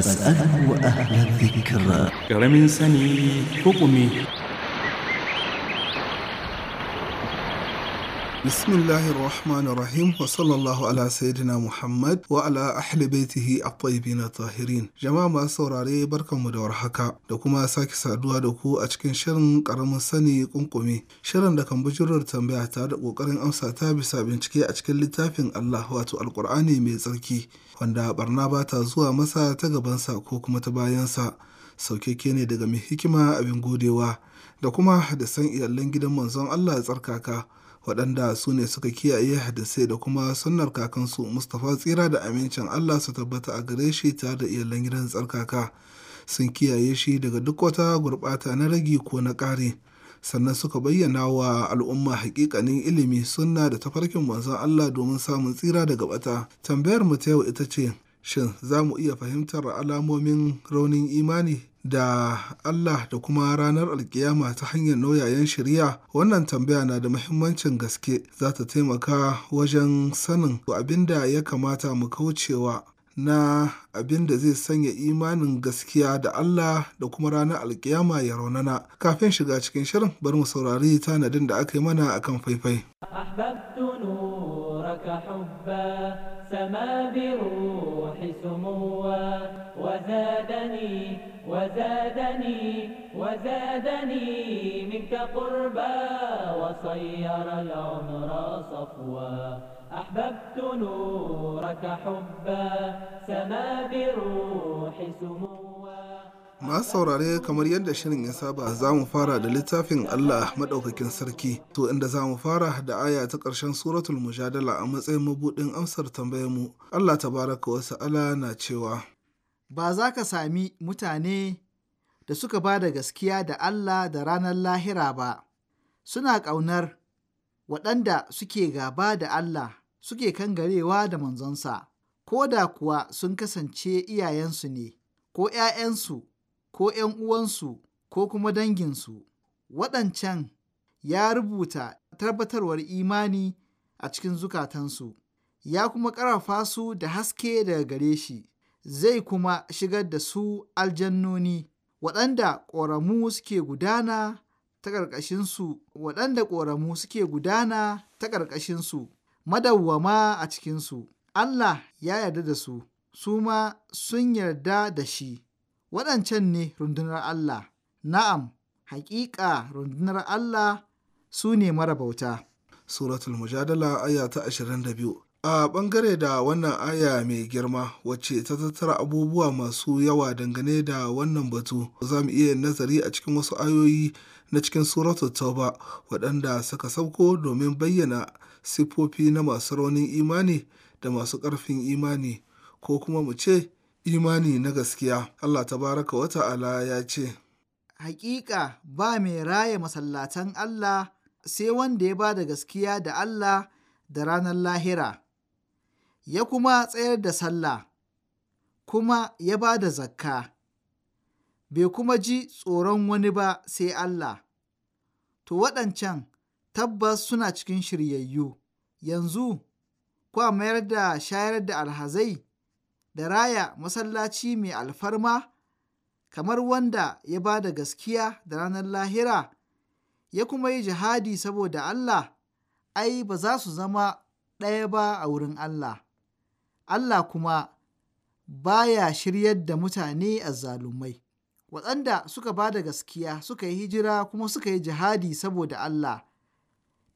فاسأله أهل الذكر كرم سني حكمه bismillahi rahmani rahim wa sallallahu ala sayyidina muhammad wa ala ahli baitihi at-tayyibin tahirin jama'a masu saurare barkanmu da warhaka da kuma sake saduwa da ku a cikin shirin karamin sani kunkumi shirin da kan bujurar tambaya ta da kokarin amsa ta bisa bincike a cikin littafin Allah wato alkur'ani mai tsarki wanda barna ba ta zuwa masa ta gabansa ko kuma ta bayansa saukeke ne daga mai hikima abin godewa da kuma da san iyalan gidan manzon Allah tsarkaka waɗanda su ne suka kiyaye hadisai da kuma sunnar kakansu mustapha tsira da amincin allah su tabbata a gare shi tare da iyalan gidan tsarkaka sun kiyaye shi daga duk wata gurɓata na ragi ko na ƙari sannan suka bayyana wa al'umma hakikanin ilimi sunna da tafarkin manzon allah domin samun tsira daga bata tambayar mu ta yau ita ce shin za mu iya fahimtar alamomin raunin imani da Allah da kuma ranar alkiyama ta hanyar nauyayen shari'a wannan tambaya na da muhimmancin gaske za ta taimaka wajen sanin abin da ya kamata mu kaucewa na abin da zai sanya imanin gaskiya da Allah da kuma ranar alkiyama ya raunana kafin shiga cikin shirin bar mu saurari tanadin da aka yi mana akan faifai سما بروح سموا وزادني وزادني وزادني منك قربا وصير العمر صفوا أحببت نورك حبا سما بروحي سموا masu saurare kamar yadda shirin ya saba za mu fara da littafin Allah maɗaukakin sarki to inda za mu fara da aya ta ƙarshen suratul mujadala a matsayin mabuɗin amsar tambayar mu Allah tabaraka wa ta'ala na cewa ba za ka sami mutane da suka ba da gaskiya da Allah da ranar lahira ba, suna ƙaunar waɗanda suke gaba da Allah suke kan garewa da manzonsa, ko da kuwa sun kasance iyayensu ne, ko ‘ya'yansu, ko ‘yan uwansu, ko kuma danginsu. Waɗancan ya rubuta tabbatarwar imani a cikin zukatansu, ya kuma ƙarafa su da haske daga gare shi. zai kuma shigar da su aljannoni waɗanda ƙoramu suke gudana ta ƙarƙashinsu waɗanda ƙoramu suke gudana ta ƙarƙashinsu madawwama a cikinsu Allah ya yarda da su su ma sun yarda da shi waɗancan ne rundunar Allah na'am haƙiƙa rundunar Allah su ne mara bauta suratul mujadala aya ta 22 A bangare da wannan aya mai girma wacce ta tattara abubuwa masu yawa dangane da wannan batu, za mu iya yin nazari a cikin wasu ayoyi na cikin Suratul Tauba waɗanda suka sauko domin bayyana siffofi na masu raunin imani da masu ƙarfin imani, ko kuma mu ce, imani na gaskiya. Allah tabaraka wa ta'ala ya ce, Hakika ba mai raya masallatan Allah sai wanda ya ba da gaskiya da Allah da ranar lahira. ya kuma tsayar da sallah, kuma ya ba da zakka, bai kuma ji tsoron wani ba sai Allah, to waɗancan tabbas suna cikin shiryayyu, yanzu kwa mayar da shayar da alhazai da raya masallaci mai alfarma kamar wanda ya ba da gaskiya da ranar lahira ya kuma yi jihadi saboda Allah, ai ba za su zama ɗaya ba a wurin Allah. Allah kuma baya shiryar da mutane azzalumai. Waɗanda suka ba da gaskiya suka yi hijira kuma suka yi jihadi saboda Allah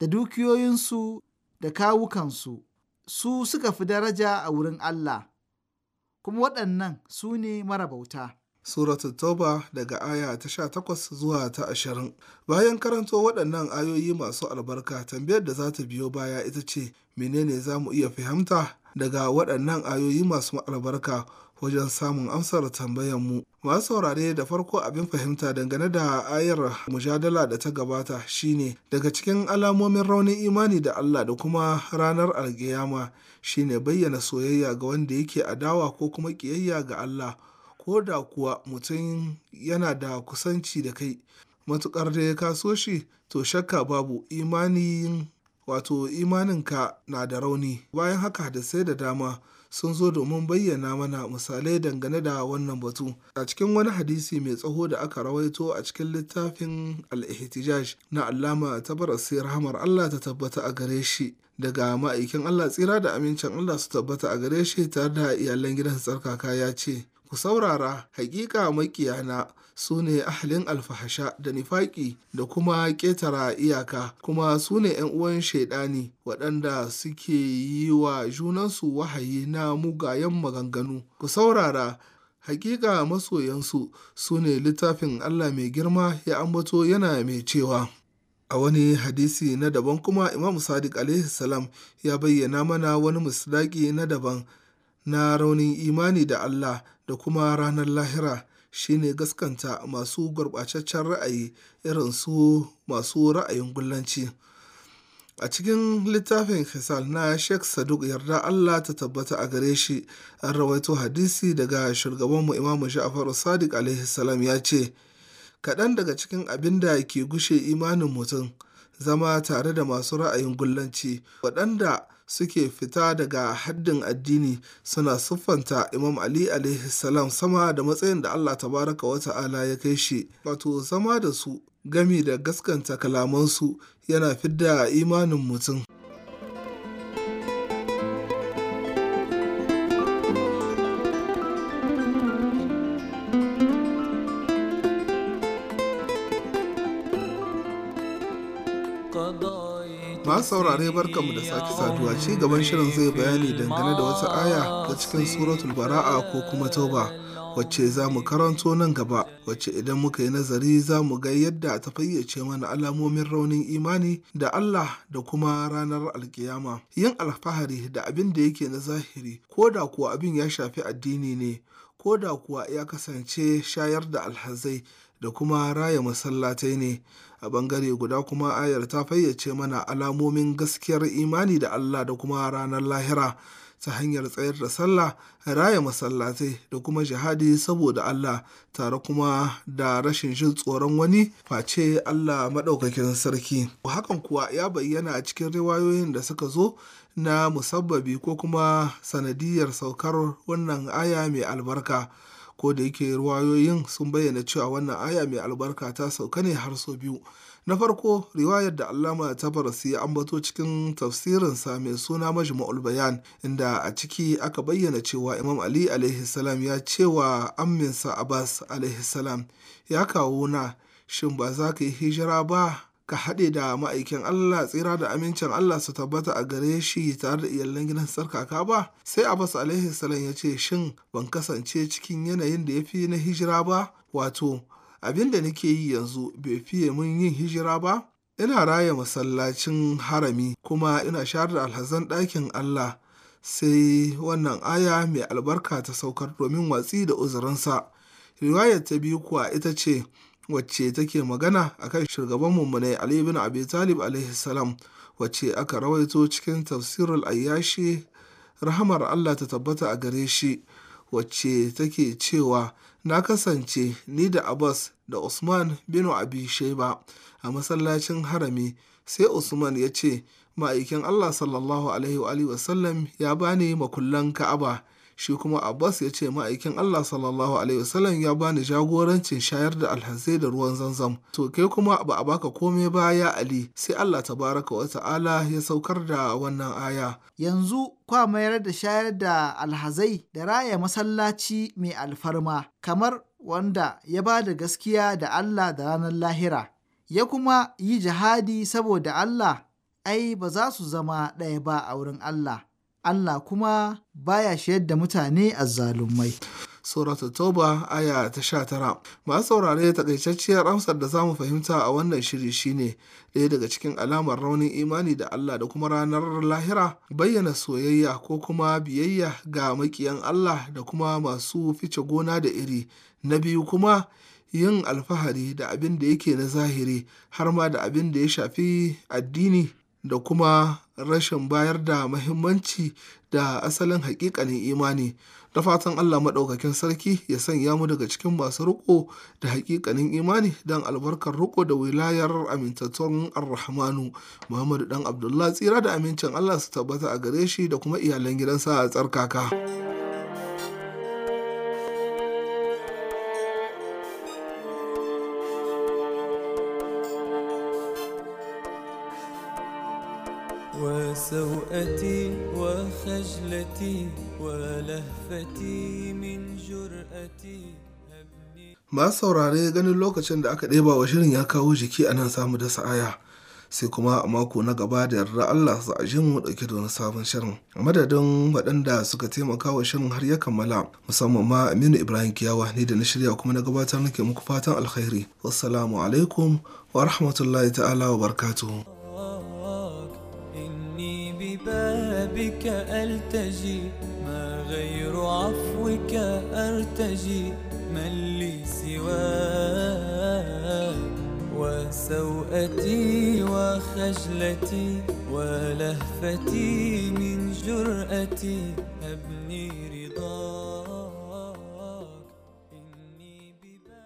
da dukiyoyinsu da kawukansu su suka fi daraja a wurin Allah kuma waɗannan su ne marabauta. Suratu Tauba daga aya ta sha takwas zuwa ta ashirin. Bayan karanto waɗannan ayoyi masu albarka tambayar da za ta biyo baya ita ce menene za mu iya fahimta daga waɗannan ayoyi masu albarka wajen samun amsar tambayar mu. Masu saurare da farko abin fahimta dangane da ayar mujadala da ta gabata shine daga cikin alamomin raunin imani da Allah da kuma ranar alkiyama shine bayyana soyayya ga wanda yake adawa ko kuma ƙiyayya ga Allah ko da kuwa mutum yana da kusanci da kai matuƙar da ya kaso shi to shakka babu imanin wato imaninka na da rauni bayan haka da sai da dama sun zo domin bayyana mana misalai dangane da wannan batu a cikin wani hadisi mai tsaho da aka rawaito a cikin littafin al-ihtijaj na allama barasi rahamar Allah ta tabbata a gare shi daga ma'aikin Allah tsira da amincin Allah su tabbata a gare shi tare da iyalan gidan tsarkaka ya ce ku saurara hakika makiyana su ne ahalin alfahasha da nifaki da kuma ƙetara iyaka kuma su ne ‘yan uwan shaidani waɗanda suke yi wa junansu wahayi na mugayen maganganu ku saurara hakika masoyansu su ne littafin Allah mai girma ya ambato yana mai cewa a wani hadisi na daban kuma imam sadiq alaihi salam ya bayyana mana wani musdaki na daban na raunin imani da Allah da kuma ranar lahira shi ne gaskanta masu gurɓataccen ra'ayi irin su masu ra'ayin gullanci. A cikin littafin Hisal na Sheikh Saduk yarda Allah ta tabbata a gare shi an rawaito hadisi daga shugabanmu Imam Ja'far Sadiq alaihi salam ya ce, Kaɗan daga cikin abin da ke gushe imanin mutum zama tare da masu ra'ayin gullanci waɗanda suke fita daga haddin addini suna siffanta Imam Ali salam sama da matsayin da Allah tabaraka wa ta'ala ya kai shi wato zama da su gami da gaskanta kalamansu yana fidda imanin mutum masu saurare barkanmu da sake saduwa ci gaban shirin zai bayani dangane da wata aya ta cikin suratul bara'a ko kuma tauba wacce za mu karanto nan gaba wacce idan muka yi nazari za mu ga yadda ta fayyace mana alamomin raunin imani da Allah da kuma ranar alkiyama yin alfahari da abin da yake na zahiri ko da kuwa abin ya shafi addini ne ko da kuwa ya kasance shayar da alhazai da kuma raya masallatai ne a bangare guda kuma ayar ta fayyace mana alamomin gaskiyar imani da Allah da kuma ranar lahira ta hanyar tsayar da sallah raya masallatai da kuma jihadi saboda Allah tare kuma da rashin jin tsoron wani face Allah maɗaukakin sarki hakan kuwa ya bayyana a cikin riwayoyin da suka zo na musabbabi ko kuma sanadiyar saukar wannan aya mai albarka ko da yake ruwayoyin sun bayyana cewa wannan aya mai albarka ta sauka ne har sau biyu na farko riwayar da allama tabarasi ya ambato cikin tafsirinsa mai suna majmu'ul bayan inda a ciki aka bayyana cewa imam ali alaihi salam ya cewa amminsa abbas alaihi ya kawo na shin ba za ka yi hijira ba ka haɗe da ma'aikin Allah tsira da amincin Allah su tabbata a gare shi tare da iyalan gidan sarkaka ba sai Abbas alaihi salam ya ce shin ban kasance cikin yanayin da ya fi na hijira ba wato abin da nake yi yanzu bai fiye mun yin hijira ba ina raya masallacin harami kuma ina share da alhazan ɗakin Allah sai wannan aya mai albarka ta saukar domin watsi da uzurinsa riwayar ta biyu kuwa ita ce wacce take magana akan shugaban ne Ali bin Abi Talib alaihi salam wacce aka rawaito cikin tafsirul ayyashi rahamar Allah ta tabbata a gare shi wacce take cewa na kasance ni da Abbas da Usman bin Abi Shayba a masallacin harami sai Usman ya ce ma'aikin Allah sallallahu alaihi wa sallam ya bani makullan Ka'aba shi kuma abbas ya ce ma'aikin allah sallallahu alaihi wasallam ya bani jagorancin shayar da alhazai da ruwan zanzam to kai kuma ba a baka komai ba ya ali sai allah tabaraka wa ta'ala ya saukar da wannan aya yanzu kwa mayar da shayar da alhazai da raya masallaci mai alfarma kamar wanda ya ba da gaskiya da allah da ranar lahira ya kuma yi jihadi saboda allah ai ba za su zama ɗaya ba a wurin allah Allah kuma baya shayar da mutane azzalumai. Suratu Toba aya ta sha tara. Masu saurare takaitacciyar amsar da zamu fahimta a wannan shiri shine ɗaya daga cikin alamar raunin imani da Allah da kuma ranar lahira bayyana soyayya ko kuma biyayya ga makiyan Allah da kuma masu fice gona da iri. Na biyu kuma yin alfahari da abin da yake na zahiri har ma da abin da ya shafi addini da kuma rashin bayar da mahimmanci da asalin hakikanin imani da fatan Allah maɗaukakin sarki ya sanya mu daga cikin masu riko da hakikanin imani don albarkar riko da wilayar amintattun arrahmanu muhammadu dan abdullah tsira da amincin Allah su tabbata a gare shi da kuma iyalan gidansa a tsarkaka. سوءتي وخجلتي ولهفتي من جرأتي masu saurare ganin lokacin da aka ɗeba wa shirin ya kawo jiki a nan samu da sa'aya sai kuma a mako na gaba da yarda Allah su a mu ɗauke da wani sabon shirin a madadin waɗanda suka taimaka wa shirin har ya kammala musamman ma Aminu Ibrahim Kiyawa ne da na shirya kuma na gabatar nake muku fatan alkhairi wassalamu alaikum wa rahmatullahi ta'ala wa barkatu. بك ألتجي ما غير عفوك أرتجي من لي سواك وسوءتي وخجلتي ولهفتي من جرأتي أبني